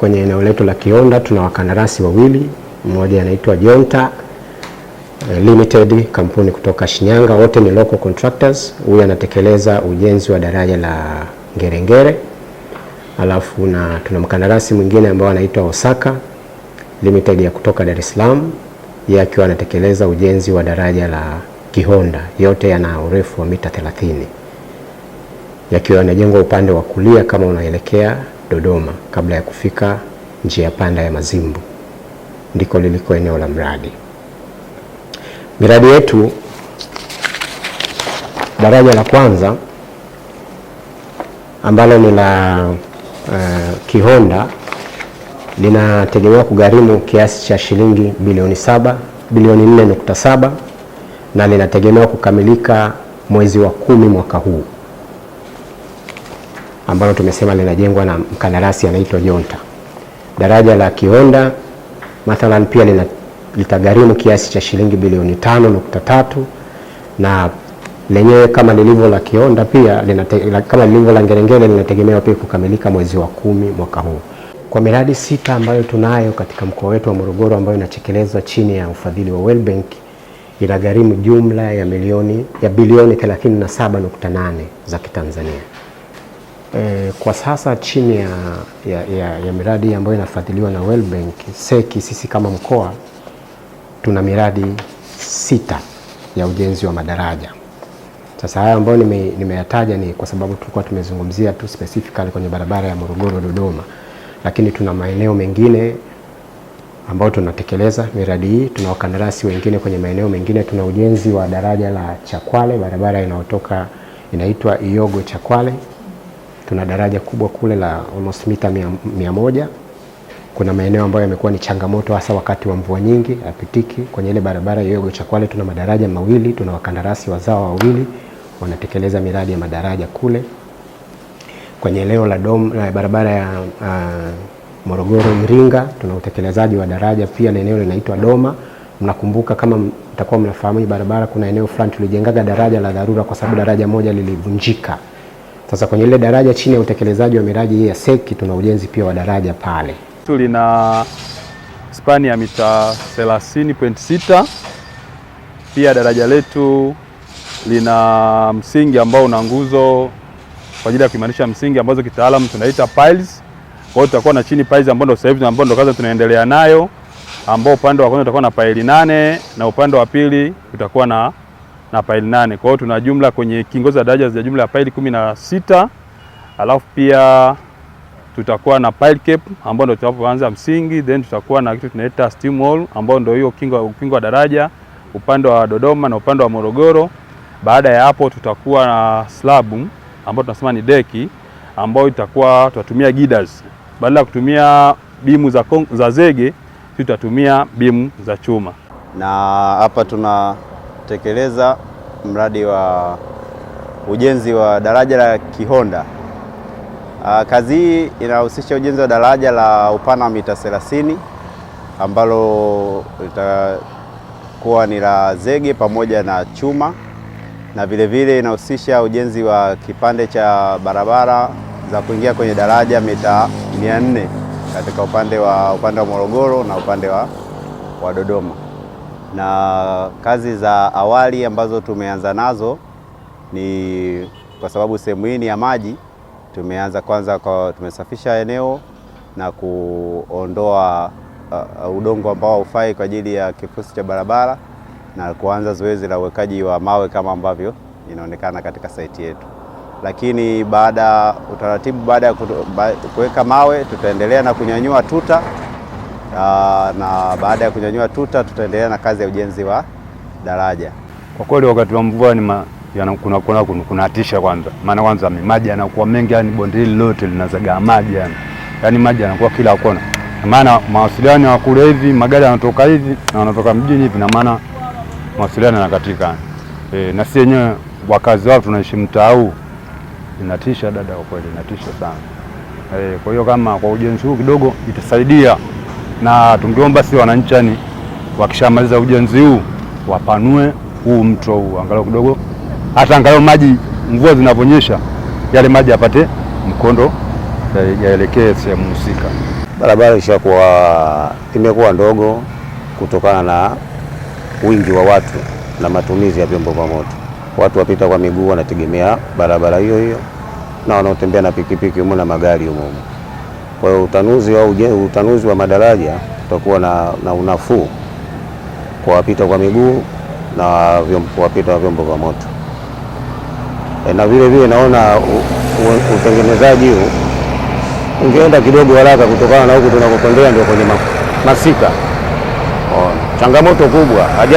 kwenye eneo letu la Kionda tuna wakandarasi wawili, mmoja anaitwa Jonta eh, Limited, kampuni kutoka Shinyanga, wote ni local contractors. Huyu anatekeleza ujenzi wa daraja la Ngerengere, alafu na tuna mkandarasi mwingine ambao anaitwa Osaka Limited ya kutoka Dar es Salaam, yeye akiwa anatekeleza ujenzi wa daraja la Kihonda. Yote yana urefu wa mita 30 yakiwa yanajengwa upande wa kulia kama unaelekea Dodoma kabla ya kufika njia panda ya Mazimbu, ndiko liliko eneo la mradi. Miradi yetu daraja la kwanza ambalo ni la uh, Kihonda linategemewa kugharimu kiasi cha shilingi bilioni saba bilioni 4.7 na linategemewa kukamilika mwezi wa kumi mwaka huu ambalo tumesema linajengwa na mkandarasi anaitwa Jonta. Daraja la Kihonda mathalan pia lina litagharimu kiasi cha shilingi bilioni tano nukta tatu na lenyewe kama lilivyo la Kihonda pia linate, kama lilivyo la Ngerengere linategemewa pia kukamilika mwezi wa kumi mwaka huu. Kwa miradi sita ambayo tunayo katika mkoa wetu wa Morogoro ambayo inatekelezwa chini ya ufadhili wa World Bank inagharimu jumla ya milioni ya bilioni 37.8 za Kitanzania. Eh, kwa sasa chini ya, ya, ya, ya miradi ambayo inafadhiliwa na World Bank seki, sisi kama mkoa tuna miradi sita ya ujenzi wa madaraja. Sasa haya ambayo nimeyataja ni kwa sababu tulikuwa tumezungumzia tu specifically kwenye barabara ya Morogoro Dodoma, lakini tuna maeneo mengine ambayo tunatekeleza miradi hii. Tuna wakandarasi wengine kwenye maeneo mengine, tuna ujenzi wa daraja la Chakwale, barabara inayotoka inaitwa Iyogo Chakwale Tuna daraja kubwa kule la almost mita mia, mia moja. Kuna maeneo ambayo yamekuwa ni changamoto hasa wakati wa mvua nyingi, apitiki Kwenye ile barabara Yogo Chakwale tuna madaraja mawili, tuna wakandarasi wazawa wawili wanatekeleza miradi ya madaraja kule. Kwenye eneo la dom, barabara ya uh, Morogoro Iringa tuna utekelezaji wa daraja pia, na eneo linaitwa Doma. Mnakumbuka kama mtakuwa mnafahamu hii barabara, kuna eneo fulani tulijengaga daraja la dharura kwa sababu daraja moja lilivunjika. Sasa kwenye ile daraja chini ya utekelezaji wa miradi hii ya seki tuna ujenzi pia wa daraja pale. Tulina spani ya mita 30.6. Pia daraja letu lina msingi ambao una nguzo kwa ajili ya kuimarisha msingi ambazo kitaalamu tunaita piles. Kwa hiyo tutakuwa na chini piles ambazo ndo sasa hivi ambazo ndo kazi tunaendelea nayo, ambao upande wa kwanza utakuwa na pile nane na upande wa pili utakuwa na na paili nane. Kwa hiyo tuna jumla kwenye kingo za daraja za jumla ya paili kumi na sita alafu pia tutakuwa na pile cap ambao ndio tutapoanza msingi, then tutakuwa na kitu tunaita steam wall ambao ndio hiyo kingo ukingo wa daraja upande wa Dodoma na upande wa Morogoro. Baada ya hapo tutakuwa na slab ambao tunasema ni deki ambayo itakuwa tutatumia girders badala ya kutumia bimu za, za zege tutatumia bimu za chuma na hapa tuna kutekeleza mradi wa ujenzi wa daraja la Kihonda. Uh, kazi hii inahusisha ujenzi wa daraja la upana wa mita 30 ambalo litakuwa ni la zege pamoja na chuma na vilevile inahusisha ujenzi wa kipande cha barabara za kuingia kwenye daraja mita 400 katika upande wa upande wa Morogoro na upande wa, wa Dodoma na kazi za awali ambazo tumeanza nazo ni kwa sababu sehemu hii ni ya maji. Tumeanza kwanza kwa, tumesafisha eneo na kuondoa uh, uh, udongo ambao haufai kwa ajili ya kifusi cha barabara na kuanza zoezi la uwekaji wa mawe kama ambavyo inaonekana katika saiti yetu. Lakini baada utaratibu, baada ya kuweka mawe, tutaendelea na kunyanyua tuta Ah, na baada ya kunyanyua tuta tutaendelea na kazi ya ujenzi wa daraja. Kwa kweli wakati wa mvua ni ma, kuna, kuna, kuna hatisha kwanza, maana kwanza maji yanakuwa mengi, yani bonde hili lote linazagaa maji yani, yani maji yanakuwa kila kona, maana mawasiliano ya kule hivi magari yanatoka hivi na wanatoka mjini hivi, na maana mawasiliano yanakatika e, na si yenyewe wakazi wao tunaishi mtaa huu, inatisha dada, kwa kweli inatisha sana e, kwa hiyo kama kwa ujenzi huu kidogo itasaidia na tungeomba si wananchi, ni wakishamaliza ujenzi huu wapanue huu mto huu angalau kidogo, hata angalau maji mvua zinavyonyesha yale maji yapate mkondo yaelekee sehemu husika. Barabara ishakuwa imekuwa ndogo kutokana na wingi wa watu na matumizi ya vyombo vya moto. Watu wapita kwa miguu wanategemea barabara hiyo hiyo, na wanaotembea na pikipiki humo na magari humo humo. Kwa hiyo utanuzi au utanuzi wa madaraja utakuwa na, na unafuu kwa wapita kwa miguu na wapita wa vyombo vya moto e, na vile vile naona utengenezaji huu ungeenda kidogo haraka kutokana na huku tunakotembea ndio kwenye masika. changamoto kubwa.